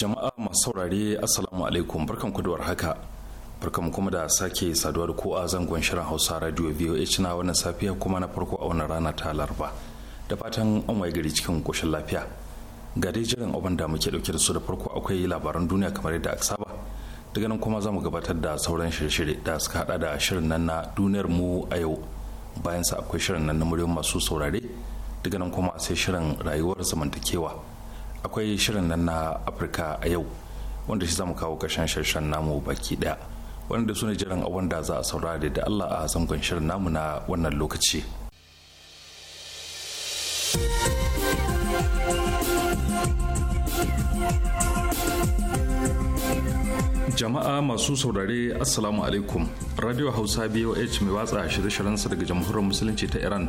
jama'a masu saurare assalamu alaikum barkan ku da warhaka barkan kuma da sake saduwa da ko a zangon shirin hausa radio voh na wannan safiya kuma na farko a wannan rana ta laraba da fatan an waye gari cikin koshin lafiya ga dai jiran abin da muke dauke da su da farko akwai labaran duniya kamar yadda aka saba daga nan kuma za mu gabatar da sauran shirye-shirye da suka hada da shirin nan na duniyar mu a yau bayan sa akwai shirin nan na muryoyin masu saurare daga nan kuma sai shirin rayuwar zamantakewa akwai shirin nan na afirka a yau wanda shi zamu kawo kashen shirshen namu baki daya wanda su ne jiran abin da za a saurari da allah a zangon shirin namu na wannan lokaci jama'a masu saurare assalamu alaikum radio hausa boh mai watsa shirye-shiryensa daga jamhuriyar musulunci ta iran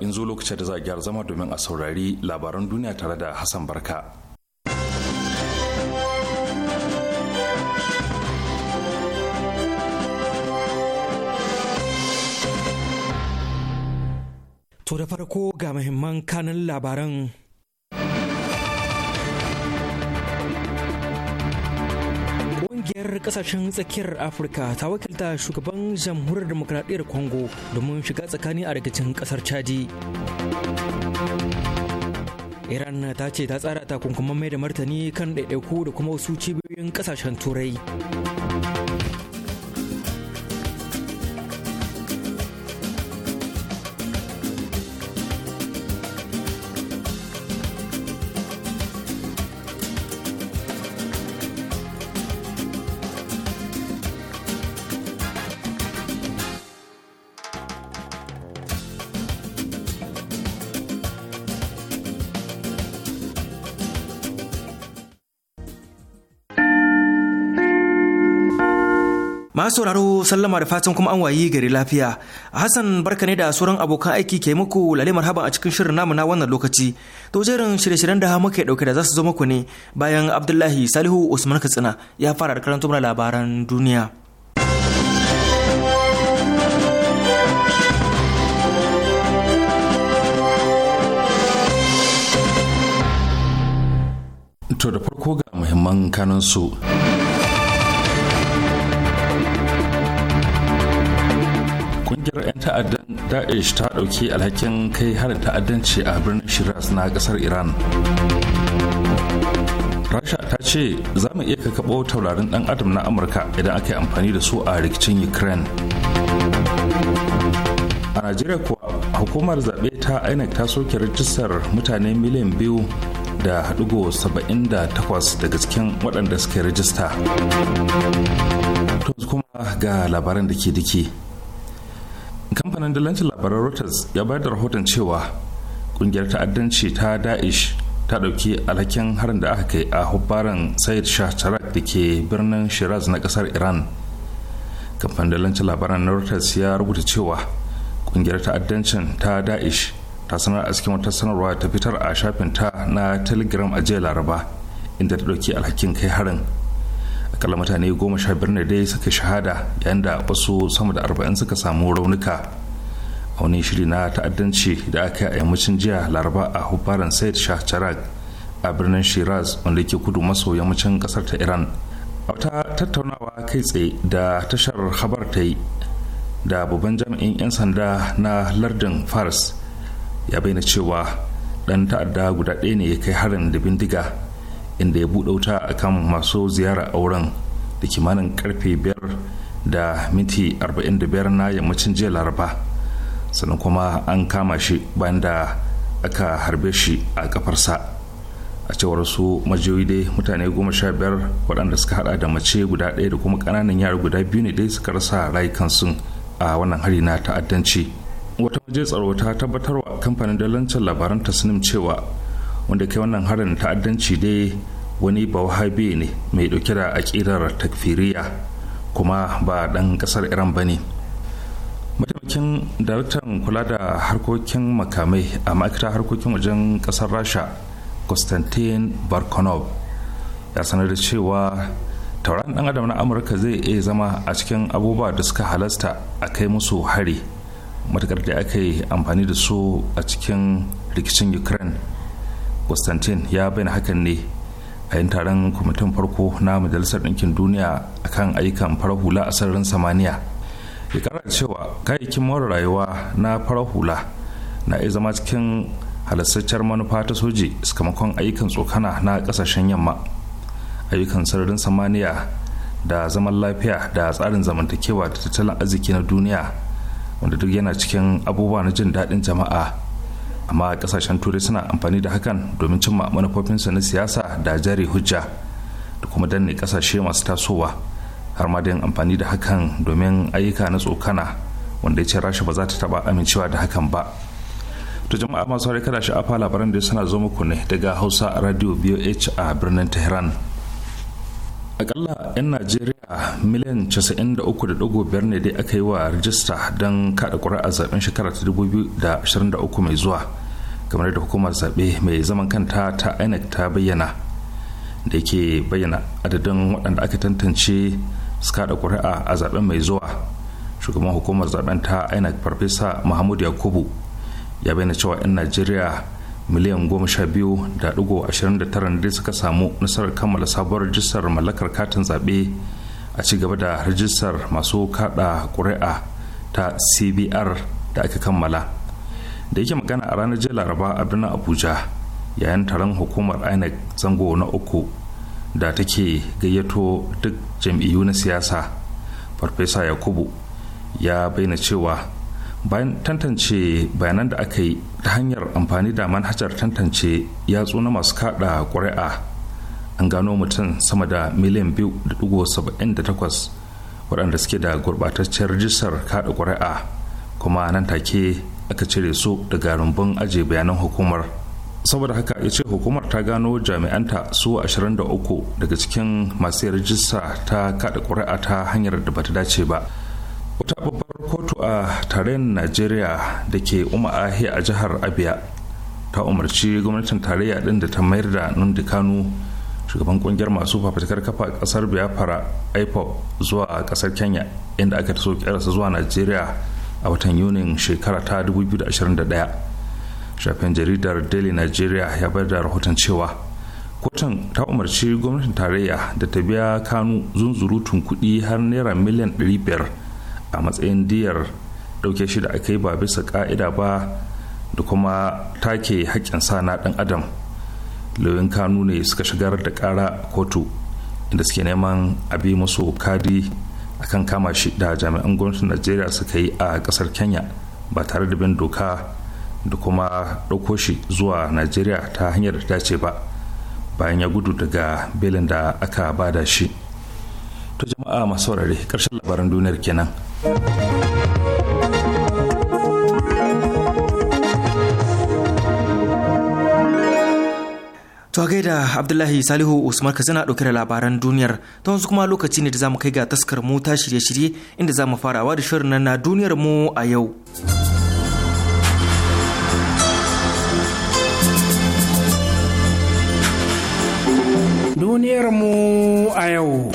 in zo lokacin da za a gyara zama domin a saurari labaran duniya tare da Hassan Barka. To da farko ga muhimman kanin labaran kungiyar kasashen tsakiyar Afirka ta wakilta shugaban jamhuriyar demokradiyyar Congo domin shiga tsakani a rikicin kasar Chadi. Iran ta ce ta tsara takunkuman mai da martani kan ɗaiɗaiku da kuma wasu cibiyoyin ƙasashen Turai. sauraro sallama da fatan kuma an wayi gari lafiya. Hassan barka ne da sauran abokan aiki ke muku lalle marhaban a cikin shirin namu na wannan lokaci. To jerin shirye-shiryen da muke dauke da za su zo muku ne bayan Abdullahi Salihu Usman Katsina ya fara da karanta mana labaran duniya. To da farko ga muhimman kanansu. su. kungiyar 'yan ta'addan daesh ta ɗauki alhakin kai har ta'addanci a birnin shiraz na kasar iran rasha ta ce za mu iya kakaɓo taurarin ɗan adam na amurka idan aka yi amfani da su a rikicin ukraine a najeriya kuwa hukumar zaɓe ta inec ta soke rajistar mutane miliyan biyu da go saba'in da takwas daga cikin waɗanda suke rajista Tos kuma ga labaran da ke diki. kamfanin dalancin labaran reuters ya bayar da rahoton cewa kungiyar ta'addanci ta daesh ta ɗauki alhakin harin da aka kai a hubbaran sayid shah tarak da ke birnin shiraz na kasar iran kamfanin dalancin labaran na reuters ya rubuta cewa kungiyar ta'addancin ta daesh ta sanar a cikin wata sanarwa ta fitar a shafin ta na telegram a jiya laraba inda ta ɗauki alhakin kai harin akalla mutane goma sha biyar ne dai suka shahada yayin da wasu sama da arba'in suka samu raunuka a wani shiri na ta'addanci da aka yi a yammacin jiya laraba a hubbaran said shah charag a birnin shiraz wanda ke kudu maso yammacin kasar ta iran a wata tattaunawa kai tsaye da tashar habar ta yi da babban jami'in 'yan sanda na lardin fars ya bayyana cewa dan ta'adda guda ɗaya ne ya kai harin da bindiga inda ya buɗe wuta a kan masu ziyara auren da kimanin karfe 5 da minti 45 na yammacin jiya laraba sannan kuma an kama shi bayan da aka harbe shi a kafarsa a cewar su majiyoyi dai mutane goma sha biyar waɗanda suka hada da mace guda ɗaya da kuma ƙananan yara guda biyu ne dai suka rasa rayukansu a wannan hari na ta'addanci wata waje tsaro ta tabbatarwa kamfanin dalancin labaran tasnim cewa wanda kai wannan harin ta'addanci dai wani bawahabe ne mai dauke da ƙirar takfiriya kuma ba dan kasar iran ba ne mataimakin daraktan kula da harkokin makamai a ma'aikatar harkokin wajen kasar rasha konstantin barkonov ya sanar da cewa tauraron dan adam na amurka zai iya zama a cikin abubuwa da suka halasta a kai musu hari matakar da aka yi amfani da su a cikin rikicin ukraine Constantine ya bayyana hakan ne a yin taron kwamitin farko na majalisar ɗinkin duniya a kan ayyukan farar hula a sararin samaniya ya kara cewa kayayyakin more rayuwa na farar hula na iya zama cikin halassacciyar manufa ta soji sakamakon ayyukan tsokana na ƙasashen yamma ayyukan sararin samaniya da zaman lafiya da tsarin zamantakewa da tattalin arziki na duniya wanda duk yana cikin abubuwa na jin daɗin jama'a amma kasashen turai suna amfani da hakan domin cimma manufofinsu na siyasa da jari hujja da kuma danne kasashe masu tasowa har ma da yin amfani da hakan domin ayyuka na tsokana wanda ya ce rasha ba za ta taba amincewa da hakan ba to jama'a masu kada sha'afa labaran da suna zo muku ne daga hausa radio boh a birnin tehran akalla 'yan najeriya miliyan 93.5 ne dai aka yi wa rajista don kada ƙuri'a zaben shekara ta 2023 mai zuwa kamar da hukumar zaɓe mai zaman kanta ta inec ta bayyana da ke bayyana adadin waɗanda aka tantance su kada kuri'a a zaben mai zuwa shugaban hukumar zaben ta inec farfesa muhammadu yakubu ya bayyana cewa 'yan najeriya miliyan goma sha biyu da digo ashirin da tara dai suka samu nasarar kammala sabuwar rajistar mallakar katin zaɓe a ci gaba da rajistar masu kada ƙuri'a ta cbr da aka kammala da yake magana a ranar jiya laraba a birnin abuja yayin taron hukumar inec zango na uku da take gayyato duk jam'iyyu na siyasa farfesa yakubu ya bayyana cewa bayan tantance bayanan da aka yi ta hanyar amfani da manhajar tantance yatsu na masu kada ƙuri'a an gano mutum sama da miliyan 2.78 waɗanda suke da gurɓataccen rijistar kada ƙuri'a kuma nan take aka cire su daga rumbun ajiye bayanan hukumar saboda haka ya ce hukumar ta gano jami'anta su 23 daga cikin masu rajista ta kada ƙuri'a ta hanyar da bata dace ba wata babbar kotu a tarayyar najeriya da ke ahi a jihar abia ta umarci gwamnatin tarayya din da ta mayar da nundi kanu shugaban kungiyar masu fafatakar kafa kasar biafra ipop zuwa kasar kenya inda aka taso kyararsa zuwa najeriya a watan yunin shekara ta 2021 shafin jaridar daily nigeria ya bayar da rahoton cewa kotun ta umarci gwamnatin tarayya da ta biya kanu zunzurutun kudi har naira miliyan 500 a matsayin diyar ɗauke shi da aka yi ba bisa ƙa'ida ba da kuma take haƙƙin sa na ɗan adam lauyin kanu ne suka shigar da ƙara kotu inda suke neman a bi musu kadi akan kama shi da jami'an gwamnatin najeriya suka yi a ƙasar kenya ba tare da bin doka da kuma ɗauko shi zuwa najeriya ta hanyar da dace ba bayan ya gudu daga belin da aka bada shi to jama'a masu saurari ƙarshen labaran duniyar kenan To da Abdullahi Salihu Usman ka ɗauke da labaran duniyar ta wasu kuma lokaci ne da zamu kai ga taskar mu ta shirye-shirye inda zamu farawa da shirin na duniyar mu a yau. Duniyar mu a yau.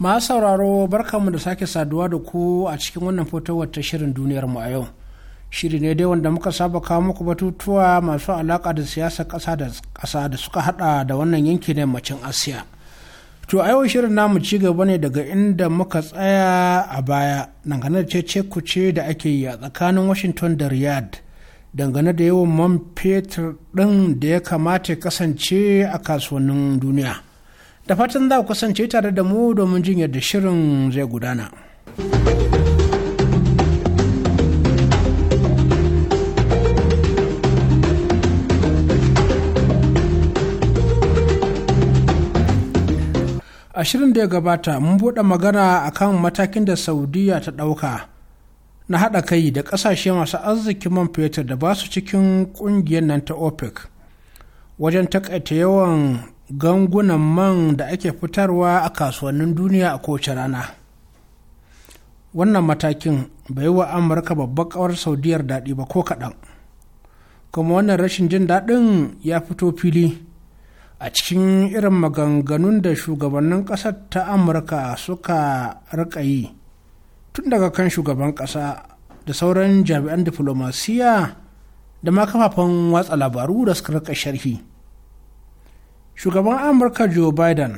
masu sauraro barkanmu da sake saduwa da ku a cikin wannan fitowar ta shirin duniyar mu a yau shiri ne dai wanda muka saba kawo muku batutuwa masu alaka da siyasar kasa da ƙasa da suka hada da wannan yanki na yammacin asiya to a yau shirin namu ci gaba ne daga inda muka tsaya a baya dangane da cece kuce da ake yi a tsakanin washington da riyad dangane da yawan man fetur din da ya kamata ya kasance a kasuwannin duniya da fatan za ku kasance tare da mu domin jin yadda shirin zai gudana. a shirin da ya gabata mun buɗe magana akan matakin da saudiya ta ɗauka na haɗa kai da ƙasashe masu arzikin man fetur da ba su cikin ƙungiyar nan ta opec wajen takaita yawan gangunan man da ake fitarwa a kasuwannin duniya a kowace rana wannan matakin bai wa amurka babbar kawar saudiyar daɗi ba ko kaɗan kuma wannan rashin jin daɗin ya fito fili a cikin irin maganganun da shugabannin ƙasar ta amurka suka rika yi tun daga kan shugaban ƙasa da sauran jami'an diflomasiya da ma kafafen watsa labaru da suka rika sharhi shugaban amurka joe biden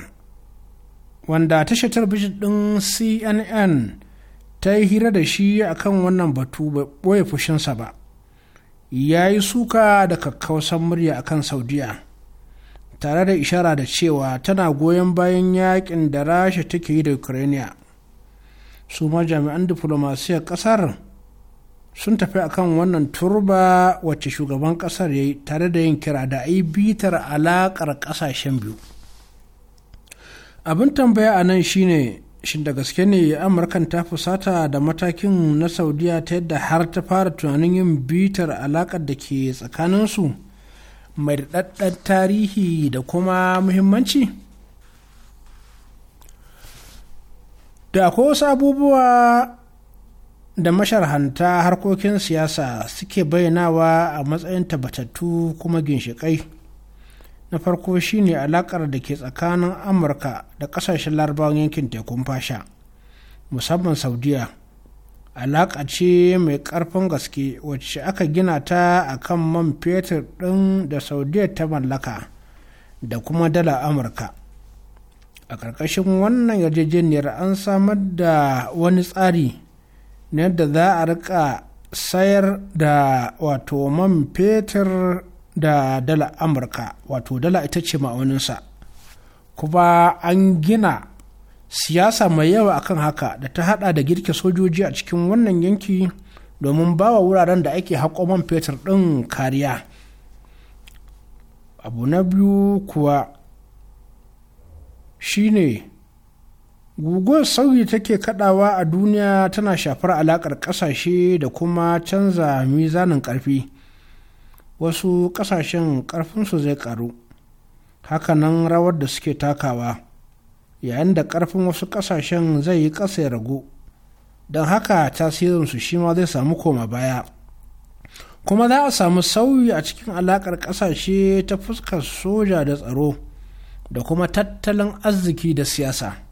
wanda tashar talabijin ɗin cnn ta yi hira da shi akan wannan batu bai ɓoye fushinsa ba ya yi suka da kakkausan murya akan saudiya tare da ishara da cewa tana goyon bayan yakin da rasha take yi da ukraine su ma jami'an diflomasiyar ƙasar sun tafi akan wannan turba wacce shugaban kasar ya yi tare da yin kira da ai bitar alakar kasashen biyu abin tambaya a nan shine shin da gaske ne amurkan ta fusata da matakin na saudiya ta yadda har ta fara tunanin yin bitar alakar da ke tsakaninsu mai daɗaɗɗen tarihi da kuma muhimmanci da akwai wasu abubuwa da masharhanta harkokin siyasa suke bayyanawa a matsayin tabbatattu kuma ginshiƙai na farko shine alaƙar da ke tsakanin amurka da ƙasashen larabawan yankin tekun fasha musamman saudiya alaƙa ce mai ƙarfin gaske wacce aka gina ta a kan man fetur ɗin da saudiya ta mallaka da kuma dala amurka a ƙarƙashin wannan yarjejeniyar an samar da wani tsari na yadda za a rika sayar da wato man fetur da dala amurka wato dala ita ce ma'auninsa kuma an gina siyasa mai yawa akan haka da ta hada da girke sojoji a cikin wannan yanki domin bawa wuraren da ake haƙo man fetur ɗin kariya abu na biyu kuwa shine guguwar sauyi take kadawa a duniya tana shafar alakar kasashe da kuma canza mizanin karfi wasu kasashen karfinsu zai karu hakanan rawar da suke takawa yayin da karfin wasu kasashen zai yi ƙasa ya ragu don haka tasirinsu shi ma zai samu koma baya kuma za a samu sauyi a cikin alakar kasashe ta fuskar soja da tsaro da kuma tattalin arziki da siyasa.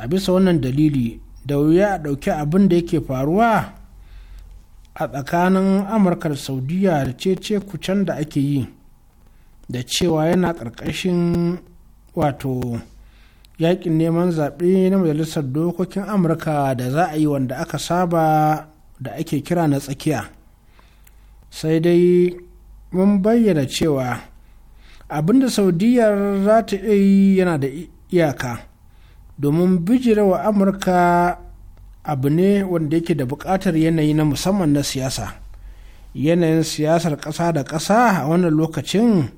a bisa wannan dalili da wuya a ɗauki abin da yake faruwa a tsakanin amurka da saudiya da cece kucen da ake yi da cewa yana ƙarƙashin wato yakin neman zaɓe na majalisar dokokin amurka da za a yi wanda aka saba da ake kira na tsakiya sai dai mun bayyana cewa abinda saudiyar za ta iya yi yana da iyaka domin bijira wa amurka abu ne wanda yake da buƙatar yanayi na musamman na siyasa yanayin siyasar ƙasa da ƙasa a wannan lokacin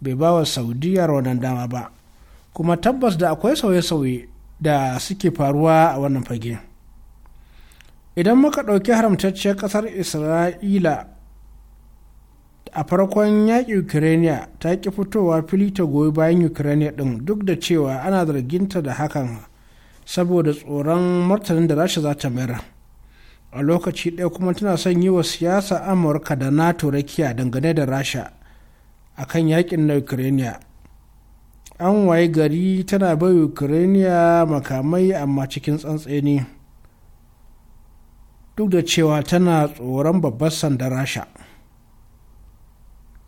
bai ba wa saudiya wannan dama ba kuma tabbas da akwai sauye-sauye da suke faruwa a wannan fage idan muka ɗauki haramtacciyar ƙasar isra'ila a farkon yaƙi ukraine ta ki fitowa fili ta goyi bayan ukraine ɗin duk da cewa ana zarginta da hakan saboda tsoron martanin da rasha za ta mayar a lokaci ɗaya kuma tana son yi wa siyasa amurka da nato rakiya dangane da rasha a kan yakin na ukraine an waye gari tana bai ukraine makamai amma cikin tsantseni duk da cewa tana tsoron babbar sandar rasha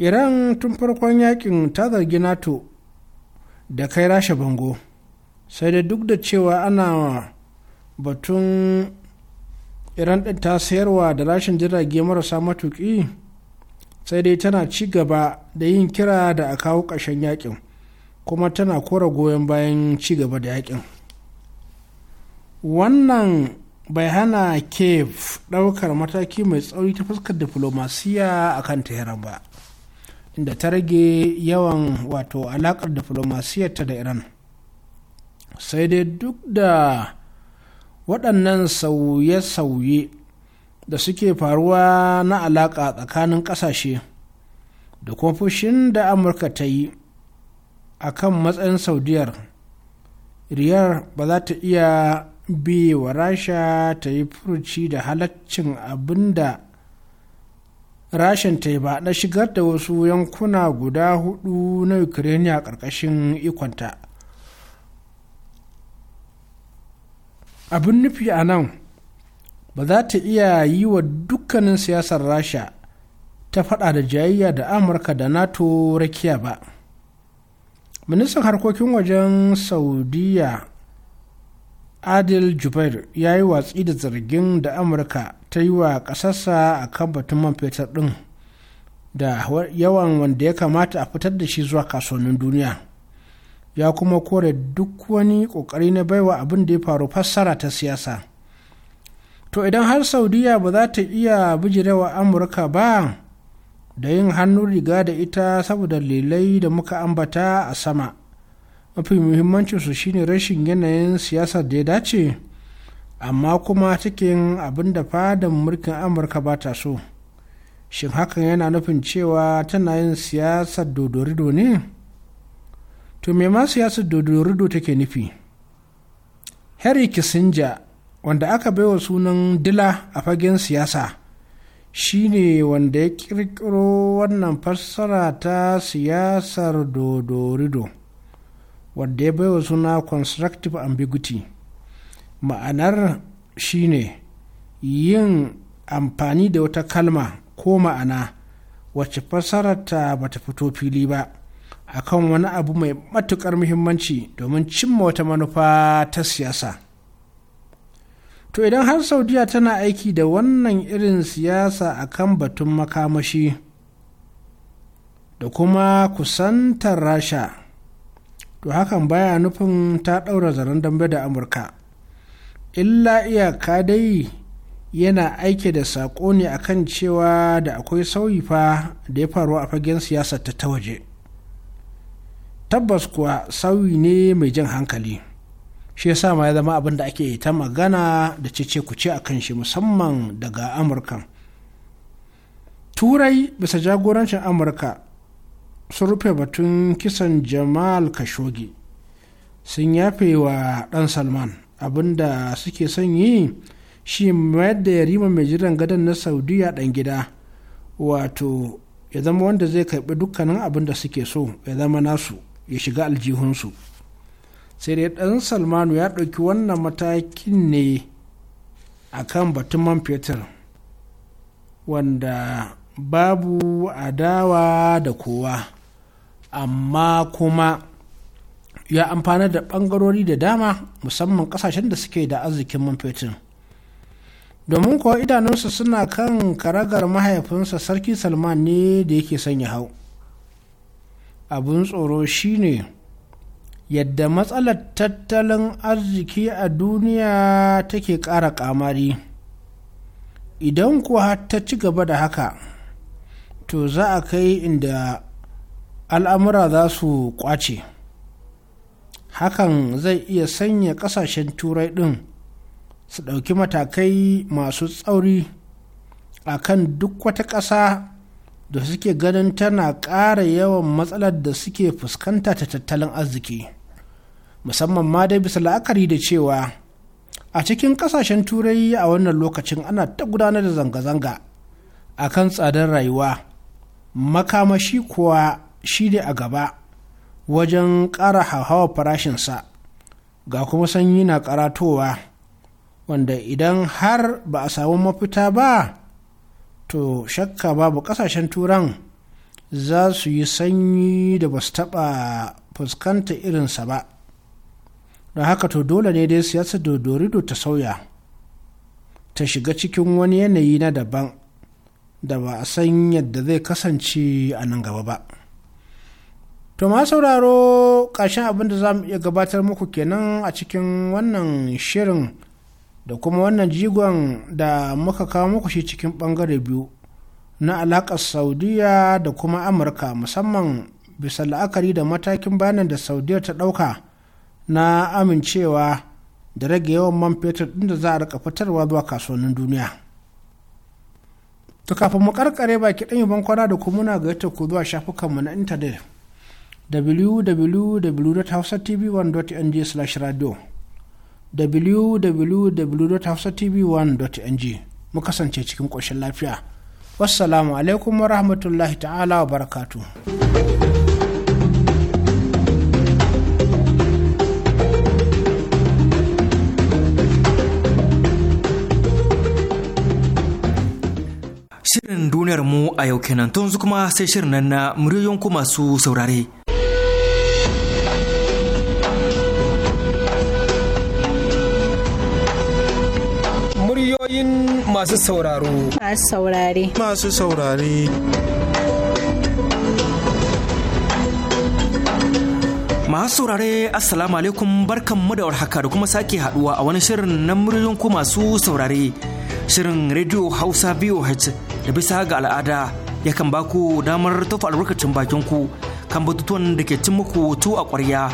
iran tun farkon yakin ta zargi nato da kai rasha bango sai da duk da cewa ana batun iran ɗin ta sayarwa da rashin jirage marasa matuƙi sai dai tana ci gaba da yin kira da a kawo ƙarshen yakin kuma tana kora goyon bayan ci gaba da yakin wannan bai hana ke ɗaukar mataki mai tsauri ta fuskar diplomasiya a kan teheran ba inda ta rage yawan wato alakar diflomasiyarta da iran sai dai duk da waɗannan sauye-sauye da suke faruwa na alaƙa tsakanin ƙasashe da kuma da amurka ta yi a kan matsayin saudiyar riyar ba za ta iya bi wa rasha ta yi furuci da halaccin abin da rashin ba na shigar da wasu yankuna guda hudu na ukraine a ƙarƙashin ikonta abin nufi a nan ba za ta iya yi wa dukkanin siyasar rasha ta fada da jayayya da amurka da nato rakiya ba ministan harkokin wajen saudiya adil jubair ya yi watsi da zargin da amurka ta yi wa ƙasarsa a kan batun man fetur ɗin da yawan wanda ya kamata a fitar da shi zuwa kasuwannin duniya ya kuma kore duk wani ƙoƙari na baiwa abin da ya faru fassara ta siyasa to idan har saudiya ba za ta iya bijirewa amurka ba da yin hannun riga da ita saboda lelai da muka ambata a sama mafi muhimmancinsu shine rashin yanayin siyasar da ya dace amma kuma cikin abin da fadan mulkin amurka ba ta so shin hakan yana nufin cewa tana yin siyasar dodorido ne to me ma siyasar dodorido take nufi harry kissinger wanda aka baiwa sunan dila a fagen siyasa shine wanda ya kirkiro wannan fassara ta siyasar dodorido wanda ya baiwa suna constructive ambiguity ma'anar shi ne yin amfani da wata kalma ko ma'ana wacce fasararta ba ta fito fili ba a kan wani abu mai matuƙar muhimmanci domin cimma wata manufa ta siyasa to idan har saudiya tana aiki da wannan irin siyasa a kan batun makamashi da kuma kusantar rasha to hakan baya nufin ta daura zaren dambe da amurka illa iyaka dai yana aike da saƙo ne akan cewa da akwai sauyi fa da ya faru a fagen siyasar ta waje tabbas kuwa sauyi ne mai jan hankali shi yasa ma ya zama abin da ake ta magana da cece kuce a kan shi musamman daga amurka turai bisa jagorancin amurka sun rufe batun kisan jamal khashoggi sun yafe wa dan salman abin da suke son yi shi mayar da yarima mai jiran gadon na saudiya dan gida wato ya zama wanda zai karɓi dukkanin abin da suke so ya zama nasu ya shiga aljihunsu sai dai ɗan salmanu ya ɗauki wannan matakin ne a kan batun man fetur wanda babu adawa da kowa amma kuma ya amfana da ɓangarori da dama musamman ƙasashen da suke da arzikin man fetur domin kuwa idanunsa suna kan karagar mahaifinsa sarki salman ne da yake sanya hau abin tsoro shine yadda matsalar tattalin arziki a duniya take ƙara ƙamari idan kuwa ta ci gaba da haka to za a kai inda al'amura za su ƙwace hakan zai iya sanya ƙasashen turai ɗin su ɗauki matakai masu tsauri a kan duk wata ƙasa da suke ganin tana ƙara yawan matsalar da suke fuskanta ta tattalin arziki musamman ma dai bisa la'akari da cewa a cikin ƙasashen turai a wannan lokacin ana ta gudanar da zanga-zanga a kan tsadar rayuwa makamashi kuwa shi ne a gaba wajen ƙara hauhawar farashinsa ga kuma sanyi na karatowa wanda idan har ba a samu mafita ba to shakka babu ƙasashen turan za su yi sanyi da ba su taɓa fuskanta irinsa ba don haka to dole ne dai siyasa dodorido ta sauya ta shiga cikin wani yanayi na daban da ba a san yadda zai kasance a nan gaba ba To ma sauraro ƙarshen abin da za mu iya gabatar muku kenan a cikin wannan shirin da kuma wannan jigon da muka kawo muku shi cikin ɓangare biyu na alaƙar saudiya da kuma amurka musamman bisa la'akari da matakin bayanan da saudiya ta ɗauka na amincewa da rage yawan man fetur ɗin da za a rika fitarwa zuwa kasuwannin duniya. To kafin mu karkare baki ɗan yi bankwana da kuma muna gayyata ku zuwa shafukanmu na intanet www.hausatv1.ng/radio www.hausatv1.ng mu kasance cikin ƙoshin lafiya. Wassalamu alaikum wa rahmatullahi ta'ala wa barakatu. Shirin duniyar mu a yau kenan, tun kuma sai shirin nan na muryoyin ku masu saurare. ra'ayoyin masu sauraro. Masu saurare. Masu saurare. Masu saurare Assalamu alaikum da warhaka da kuma sake haduwa a wani shirin na muryoyin ku masu saurare. Shirin Radio Hausa VOH da bisa ga al'ada yakan baku damar tofa albarkacin bakin ku kan batutuwan da ke cin muku tu a kwarya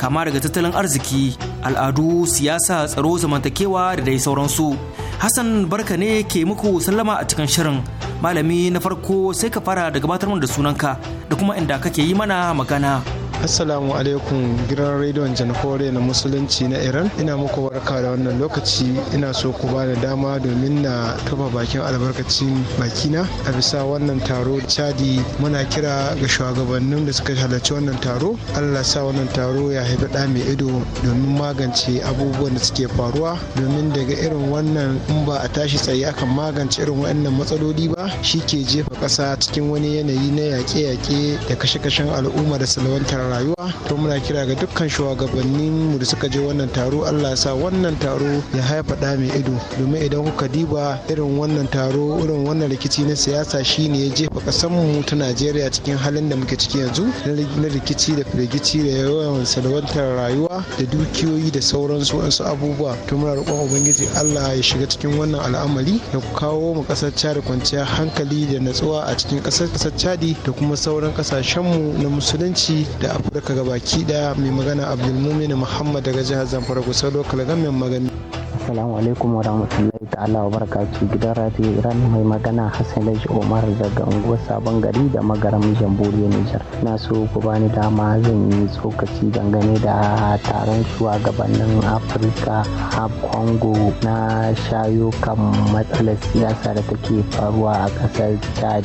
kama daga tattalin arziki, al'adu, siyasa, tsaro, zamantakewa da dai sauransu. Hassan barka ne ke muku sallama a cikin shirin malami na farko sai ka fara da gabatar da sunanka da kuma inda kake yi mana magana. assalamu alaikum gidan rediyon janakore na musulunci na iran ina muku warka da wannan lokaci ina so ku ba da dama domin na kafa bakin albarkacin bakina a bisa wannan taro chadi muna kira ga shugabannin da suka halarci wannan taro allah sa wannan taro ya haifi da mai ido domin magance abubuwan da suke faruwa domin daga irin wannan in ba a tashi tsaye akan magance irin wannan matsaloli ba shi ke jefa ƙasa cikin wani yanayi na yaƙe-yaƙe da kashe-kashen al'umma da salwantar rayuwa to muna kira ga dukkan shugabannin mu da suka je wannan taro Allah sa wannan taro ya haifa da mai ido domin idan kuka diba irin wannan taro irin wannan rikici na siyasa shine ya jefa kasan mu ta Najeriya cikin halin da muke ciki yanzu na rikici da firgici da yawan salwantar rayuwa da dukiyoyi da sauransu wasu abubuwa to muna roƙon ubangiji Allah ya shiga cikin wannan al'amari ya kawo mu kasar Chad kwanciyar hankali da natsuwa a cikin ƙasar kasar Chad da kuma sauran kasashen mu na musulunci da ga gabaki daya mai magana abdulmumin muhammad daga jihar zamfara kusa lokal gamin magani Assalamu alaikum wa rahmatullahi ta'ala wa barakatuh gidan rafi Iran mai magana Hassan Laji Omar daga unguwar Sabon Gari da magaram Jamhuriyar Nijar. Na so ku bani dama zan yi tsokaci dangane da taron shugabannin Afirka a kongo na shayo kan matsalar siyasa da take faruwa a kasar Chad.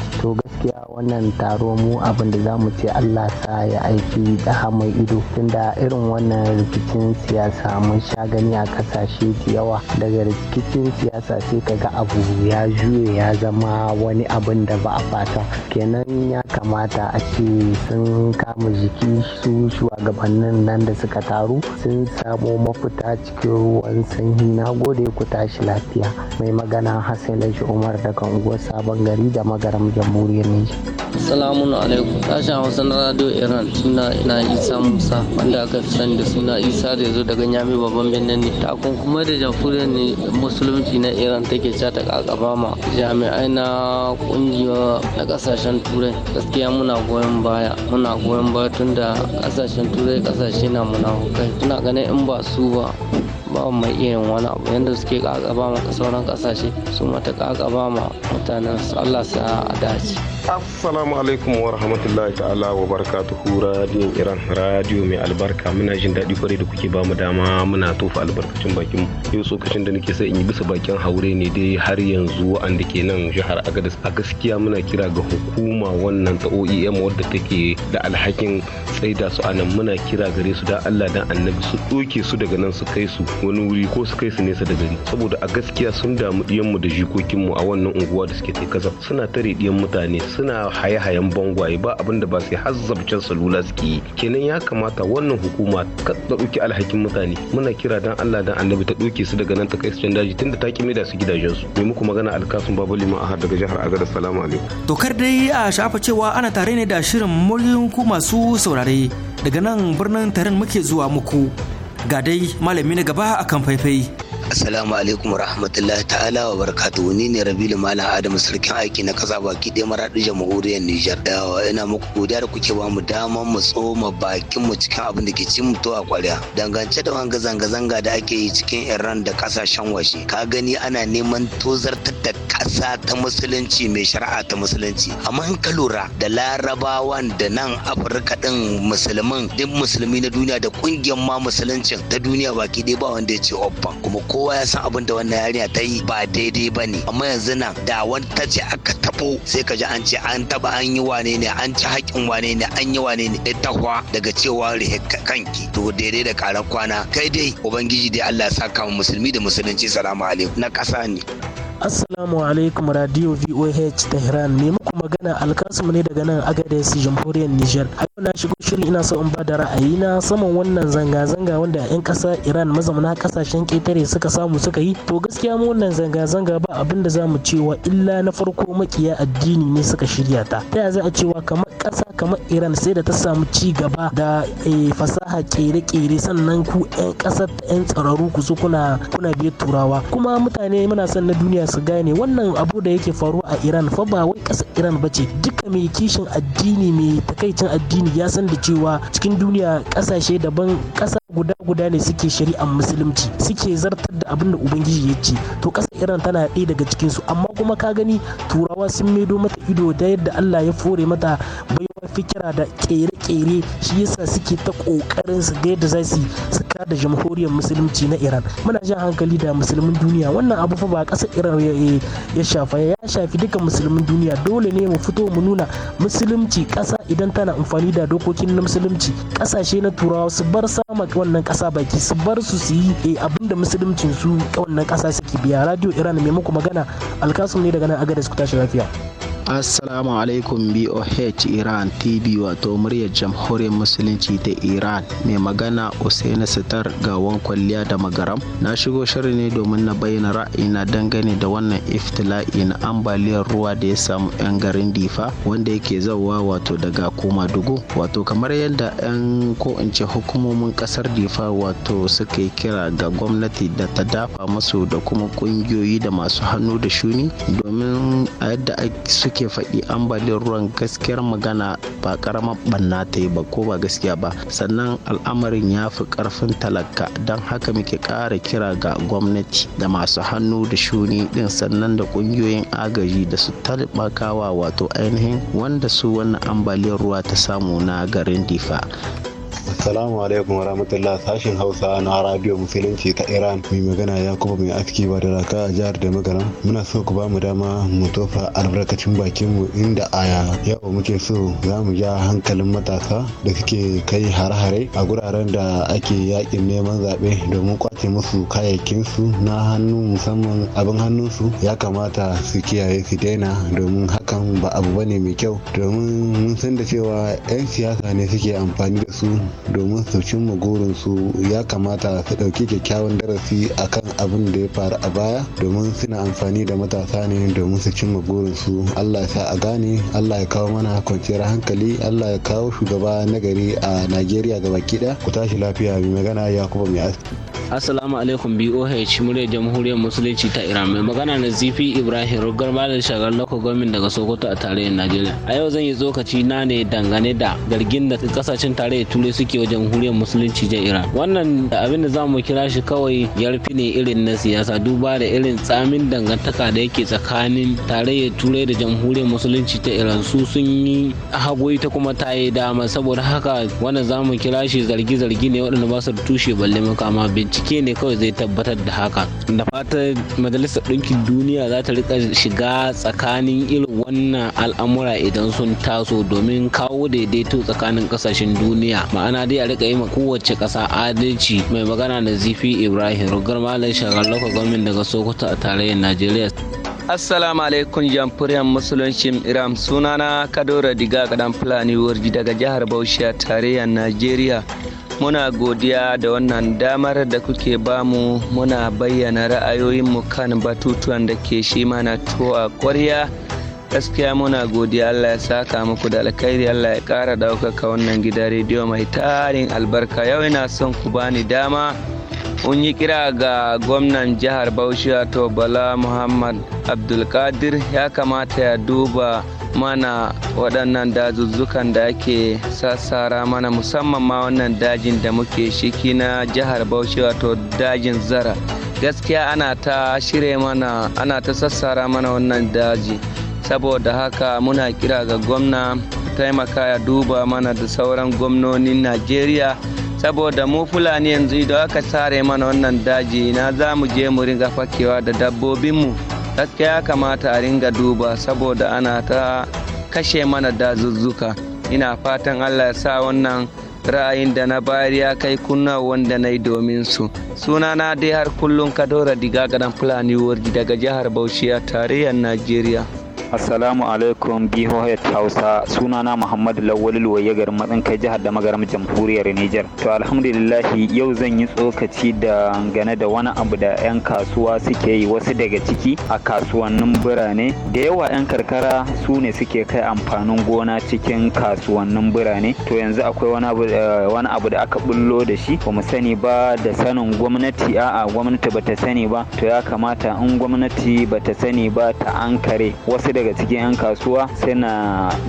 gaskiya wannan taro mu abin da zamu ce Allah sa ya aiki da mai ido tunda irin wannan rikicin siyasa mun sha gani a kasashe da yawa daga rikicin siyasa sai kaga abu ya juye ya zama wani abin da ba a fata kenan ya kamata a ce sun kama jiki su shugabannin nan da suka taru sun samo mafita cikin ruwan sanyi na gode ku tashi lafiya mai magana hassan umar daga unguwar sabon gari da magaram jamhuriyar musulmi Salamun alaikum sashen Hausa na Radio Iran suna ina Isa Musa wanda aka fi sani da suna Isa da yazo daga Nyami babban birnin ne. kuma da jamhuriyar musulunci na Iran take sa ta kakaba ma jami'ai na kungiyar na kasashen turai gaskiya muna goyon baya muna goyon baya da kasashen turai kasashe na munafukai tuna ganin in ba su ba ba mai iya wani abu yadda suke kakaba ma sauran kasashe su mata kakaba ma mutanen su Allah sa a dace. Assalamu alaikum wa rahmatullahi ta'ala wa barakatuhu radiyon Iran radiyo mai albarka muna jin daɗi kwarai da kuke ba mu dama muna tofa albarkacin bakin yau tsokacin da nake sai in yi bisa bakin haure ne dai har yanzu an da ke nan jihar Agadez a gaskiya muna kira ga hukuma wannan ta OEM wadda take da alhakin tsaida su anan muna kira gare su da Allah dan annabi su ɗoke su daga nan su kai su wani wuri ko su kai su nesa da gari saboda a gaskiya sun damu ɗiyanmu da jikokinmu a wannan unguwa da suke kai kasa suna tare ɗiyan mutane suna haye-hayen bangwaye ba abin da ba sai har salula suke yi kenan ya kamata wannan hukuma ta ɗauki alhakin mutane muna kira dan Allah dan annabi ta ɗauke su daga nan ta kai su can daji tunda ta kimi da su gidajensu mai muku magana alkasun babu liman ahar daga jihar agadar salamu alaikum tokar dai a shafa cewa ana tare ne da shirin muryoyin ku masu saurare daga nan birnin tarin muke zuwa muku ga dai malami na gaba akan faifai Assalamu alaikum rahmatullahi ta'ala wa barakatuhu ni ne Rabilu Malam Adamu sarkin aiki na kasa baki ɗaya maraɗin jamhuriyar Nijar. Ina muku godiya da kuke bamu damar mu tsoma bakin mu cikin abin da ke cin to a kwarya. Dangance da wanga zanga-zanga da ake yi cikin Iran da kasashen waje. Ka gani ana neman tozartar da ƙasa ta musulunci mai shari'a ta musulunci. Amma in ka lura da larabawan da nan Afirka ɗin musulmin duk musulmi na duniya da ƙungiyar ma musuluncin ta duniya baki ɗaya ba wanda ya ce kuma kowa ya san abin da wannan yarinya ta yi ba daidai ba ne amma yanzu nan da wani ta ce aka tabo sai ka ji an ce an taba an yi wane ne an ci haƙƙin wane ne an yi wane ne ita kwa daga cewa rihe kanki to daidai da karar kwana kai dai ubangiji dai Allah ya saka mu musulmi da musulunci salamu alaikum na kasa ne assalamu alaikum radio voh tehran ne magana alkasum ne daga nan agadez jamhuriyar niger a yau na shigo shiri ina so in ba da ra'ayi na saman wannan zanga-zanga wanda 'yan ƙasa iran mazauna ƙasashen ƙetare suka samu suka yi to gaskiya mu wannan zanga-zanga ba abin da za mu cewa illa na farko makiya addini ne suka shirya ta ta yaya za a cewa kamar ƙasa kamar iran sai da ta samu ci gaba da eh, fasaha ƙere-ƙere sannan ku 'yan ƙasar 'yan tsararru ku su kuna kuna biye turawa kuma mutane muna son na duniya su gane wannan abu da yake faruwa a iran fa ba wai ƙasar iran bace duka mai kishin addini mai takaicin addini ya san da cewa cikin duniya kasashe daban kasa guda guda ne suke shari'ar musulunci suke zartar da abin da ubangiji ya ce to ƙasar iran tana ɗaya daga cikin su amma kuma ka gani turawa sun maido mata ido da yadda allah ya fore mata baiwa fikira da ƙere kere shi yasa suke ta ƙoƙarin su ga yadda za su suka da jamhuriyar musulunci na iran muna jan hankali da musulmin duniya wannan abu fa ba iran ya shafa ya shafi duka musulmin duniya dole ne mu fito mu nuna musulunci kasa idan tana amfani da dokokin na musulunci ƙasashe na turawa su bar sama wannan kasa baki su bar su su yi eh, abin da musulmcin su wannan kasa suke biya radio iran maimako magana alkasum ne daga nan su ku tashi lafiya Assalamu alaikum BOH Iran TV wato muryar jamhuriyar musulunci ta Iran mai magana Usaina Sitar gawon kwalliya da magaram. Na shigo shirin ne domin na bayyana ra'ayina dangane da wannan iftila'i na ambaliyar ruwa da ya samu 'yan garin Difa wanda yake zauwa wato daga Koma Dugu. Wato kamar yadda 'yan ko in ce hukumomin kasar Difa wato suka yi kira ga gwamnati da ta dafa musu da kuma kungiyoyi da masu hannu da shuni domin a yadda suke ake faɗi ambaliyar ruwan gaskiyar magana ba ƙaramar banna ta yi ba ko ba gaskiya ba sannan al'amarin ya fi karfin talaka don haka muke ƙara kira ga gwamnati da masu hannu da shuni din sannan da ƙungiyoyin agaji da su taimakawa wato ainihin wanda su wannan ambaliyar ruwa ta samu na garin difa Assalamu alaikum warahmatullahi sashen Hausa na Radio Musulunci ta Iran mai magana ya kuma mai aski ba da raka a jihar da magana. Muna so ku ba mu dama mu tofa albarkacin bakin mu inda aya yau muke so za mu ja hankalin matasa da suke kai hare-hare a guraren da ake yakin neman zaɓe domin kwace musu kayayyakin su na hannu musamman abin hannunsu ya kamata su kiyaye su daina domin hakan ba abu bane mai kyau domin mun san da cewa 'yan siyasa ne suke amfani da su domin su cimma su ya kamata su ɗauki kyakkyawan darasi akan abin da ya faru a baya domin suna amfani da matasa ne domin su cimma su allah ya sa a gane allah ya kawo mana kwanciyar hankali allah ya kawo shugaba na gari a najeriya gaba ɗaya ku tashi lafiya mai magana yakuba mai aski Assalamu alaikum BOH muryar jamhuriyar musulunci ta Iran mai magana na ZP Ibrahim Rugar Malam Shagar Lako gwamnati daga Sokoto a tarayyar Najeriya. A yau zan yi tsokaci na ne dangane da zargin da kasashen tarayyar Turai suke wa jamhuriyar musulunci ta Iran. Wannan da abin da zamu kira shi kawai yarfi ne irin na siyasa duba da irin tsamin dangantaka da yake tsakanin tarayyar Turai da jamhuriyar musulunci ta Iran su sun yi hagoyi ta kuma ta yi dama saboda haka wannan zamu kira shi zargi-zargi ne waɗanda ba su tushe balle makama bincike. bincike ne kawai zai tabbatar da haka. da fatar majalisar ɗinkin duniya za ta rika shiga tsakanin irin wannan al'amura idan sun taso domin kawo daidaito tsakanin ƙasashen duniya ma'ana dai a rika yi ma kowace ƙasa adalci mai magana na zifi ibrahim rugar malam shagar lokacin daga sokoto a tarayyar najeriya Assalamu alaikum jamhuriyar Musulunci Iram sunana Kadora Diga Gadan Fulani Warji daga jihar Bauchi a tarayyar Najeriya. Muna godiya da wannan damar da kuke bamu muna bayyana ra'ayoyin ra'ayoyinmu kan batutuwan da ke shi mana tuwo a Gaskiya muna godiya Allah ya saka muku da alkhairi Allah ya kara ɗaukaka wannan gida rediyo mai tarin albarka yau ina son ku bani dama. mun yi kira ga gwamnan jihar bauchi wato bala muhammad abdulkadir ya kamata ya duba mana waɗannan dazuzzukan da ake sassara mana musamman ma wannan dajin da muke shiki na jihar bauchi wato dajin zara gaskiya ana ta shirya mana ana ta sassara mana wannan daji saboda haka muna kira ga gwamna taimaka ya duba mana da sauran gwamnonin najeriya saboda mu fulani yanzu idan aka sare mana wannan daji na za mu je mu ringa fakewa da dabbobinmu gaskiya kamata a ringa duba saboda ana ta kashe mana dazuzzuka ina fatan allah ya sa wannan ra'ayin da na bayar ya kai kunna wanda na yi domin su Suna na dai har kullum kadora diga gadan fulani daga jihar bauchi a tarayyar najeriya Assalamu alaikum BOH Hausa sunana Muhammadu Lawal Luwaye garin matsin kai jihar da magaram jamhuriyar Nijar. To alhamdulillah yau zan yi tsokaci da gane da wani abu da 'yan kasuwa suke yi wasu daga ciki a kasuwannin birane. Da yawa 'yan karkara su ne suke kai amfanin gona cikin kasuwannin birane. To yanzu akwai eh, wani abu da aka bullo da shi ba mu sani ba da sanin gwamnati a'a gwamnati bata sani ba to ya kamata in gwamnati bata sani ba ta ankare wasu daga daga cikin 'yan kasuwa suna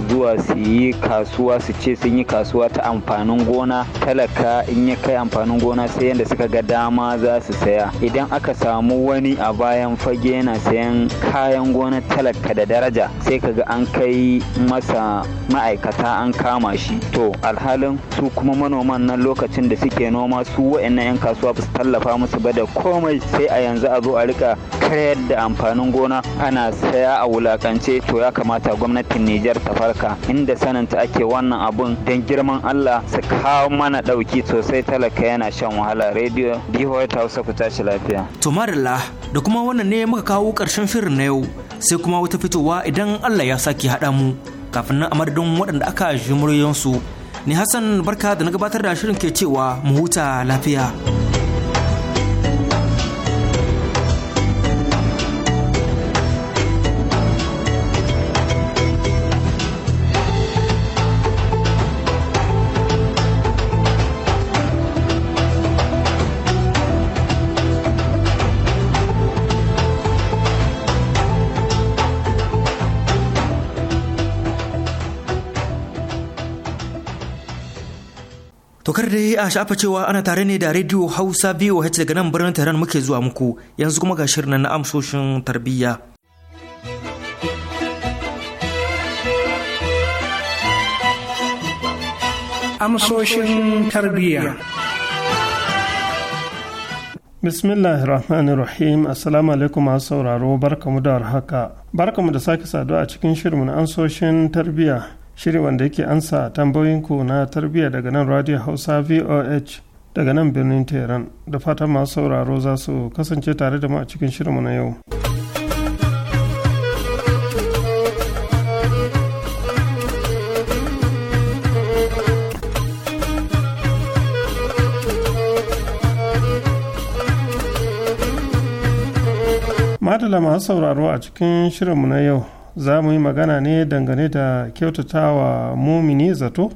zuwa su yi kasuwa su ce sun yi kasuwa ta amfanin gona talaka in ya kai amfanin gona sai yadda suka ga dama za su saya idan aka samu wani a bayan fage yana sayan kayan gona talaka da daraja sai kaga an kai masa ma'aikata an kama shi to alhalin su kuma manoman nan lokacin da suke noma su wa'annan 'yan kasuwa ba su tallafa musu ba da komai sai a yanzu a zo a rika kayar da amfanin gona ana saya a wulakan hukumance to ya kamata gwamnatin Nijar ta farka inda sananta ake wannan abun don girman Allah su kawo mana ɗauki sosai talaka yana shan wahala rediyo bihoyi ta hausa ku tashi lafiya. To marilla da kuma wannan ne muka kawo karshen shirin na yau sai kuma wata fitowa idan Allah ya sake haɗa mu kafin nan a madadin waɗanda aka ji muryoyinsu. Ni Hassan barka da na gabatar da shirin ke cewa mu huta lafiya. kar da a shafa cewa ana tare ne da Radio hausa voh daga nan birnin tehran muke zuwa muku yanzu kuma ga shirin na amsoshin tarbiyya amsoshin tarbiyya rahim Assalamu alaikum masu sauraro barkamu da warhaka. Barkamu da sake saduwa a cikin shirin amsoshin tarbiyya shirin wanda yake ansa tambayoyinku na tarbiyya daga nan radio hausa voh daga nan birnin tehran da fatan masu sauraro za su kasance tare da mu a cikin shirinmu na yau madala masu sauraro a cikin shirinmu na yau za mu yi magana ne dangane da kyautatawa mumini zato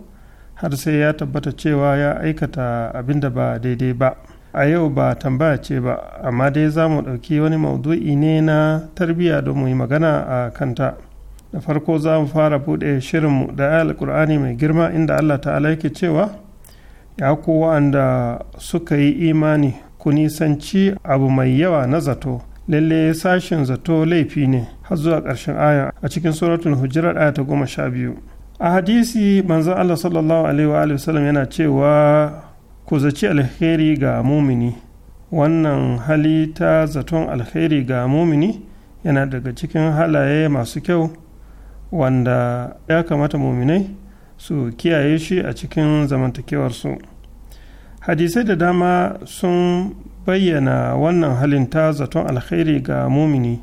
har sai ya tabbata cewa ya aikata abin da ba daidai ba a yau ba tambaya ce ba amma dai za mu ɗauki wani maudu'i ne na tarbiyya don mu yi magana a kanta da farko za mu fara buɗe shirinmu da alkur'ani mai girma inda allah ta'ala yake cewa ya ku wa'anda suka yi imani ku nisanci abu mai yawa na zato lalle sashen zato laifi ne har zuwa ƙarshen aya a cikin suratul hujurar aya ta goma sha biyu a hadisi manzon allah sallallahu alaihi wa sallam yana cewa ku zaci alheri ga mumini wannan hali ta zaton alheri ga mumini yana daga cikin halaye masu kyau wanda ya kamata muminai su kiyaye shi a cikin zamantakewarsu. hadisai da dama sun bayyana wannan halin ta zaton alkhairi ga mumini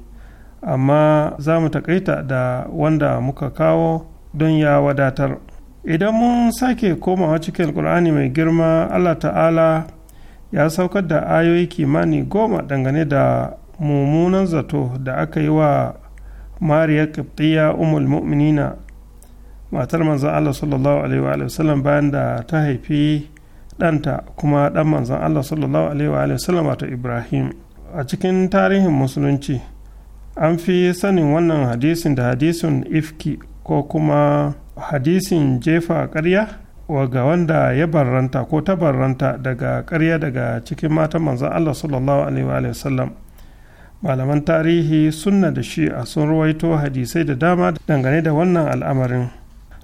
amma za mu takaita da wanda muka kawo don ya wadatar idan mun sake komawa cikin alkur'ani mai girma allah ta'ala ya saukar da ayoyi kimani goma dangane da mummunan zato da aka yi wa mariya kiftiya umul mu'minina matar manzan allah sallallahu alaihi wa sallam bayan da ta haifi ɗanta kuma ɗan manzon Allah sallallahu alaihi wa sallama ta Ibrahim a cikin tarihin musulunci an fi sanin wannan hadisin da hadisin ifki ko kuma hadisin jefa ƙarya ga wanda ya barranta ko ta barranta daga ƙarya daga cikin matan manzon Allah sallallahu alaihi wa sallam malaman tarihi sunna da shi a sun ruwaito hadisai da dama dangane da wannan al'amarin